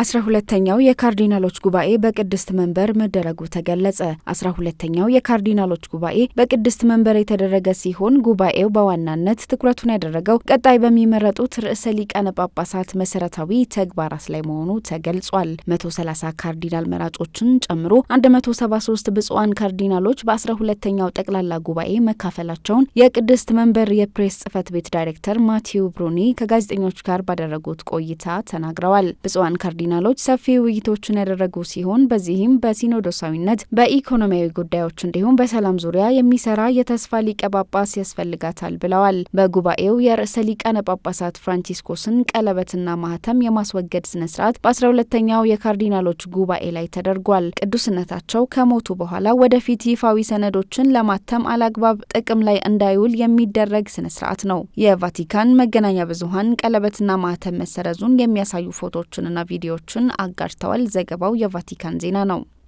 አስራ ሁለተኛው የካርዲናሎች ጉባኤ በቅድስት መንበር መደረጉ ተገለጸ። አስራ ሁለተኛው የካርዲናሎች ጉባኤ በቅድስት መንበር የተደረገ ሲሆን ጉባኤው በዋናነት ትኩረቱን ያደረገው ቀጣይ በሚመረጡት ርዕሰ ሊቃነ ጳጳሳት መሰረታዊ ተግባራት ላይ መሆኑ ተገልጿል። ሰላሳ ካርዲናል መራጮችን ጨምሮ ሶስት ብፁዓን ካርዲናሎች በአስራ ሁለተኛው ጠቅላላ ጉባኤ መካፈላቸውን የቅድስት መንበር የፕሬስ ጽፈት ቤት ዳይሬክተር ማቴው ብሩኒ ከጋዜጠኞች ጋር ባደረጉት ቆይታ ተናግረዋል። ብፁዓን ካርዲናሎች ሰፊ ውይይቶችን ያደረጉ ሲሆን በዚህም በሲኖዶሳዊነት በኢኮኖሚያዊ ጉዳዮች እንዲሁም በሰላም ዙሪያ የሚሰራ የተስፋ ሊቀ ጳጳስ ያስፈልጋታል ብለዋል። በጉባኤው የርዕሰ ሊቃነ ጳጳሳት ፍራንቺስኮስን ቀለበትና ማህተም የማስወገድ ስነ በ 12 ሁለተኛው የካርዲናሎች ጉባኤ ላይ ተደርጓል። ቅዱስነታቸው ከሞቱ በኋላ ወደፊት ይፋዊ ሰነዶችን ለማተም አላግባብ ጥቅም ላይ እንዳይውል የሚደረግ ስነ ነው። የቫቲካን መገናኛ ብዙሀን ቀለበትና ማህተም መሰረዙን የሚያሳዩ ፎቶዎችንና ቪዲዮ መሪዎቹን አጋርተዋል። ዘገባው የቫቲካን ዜና ነው።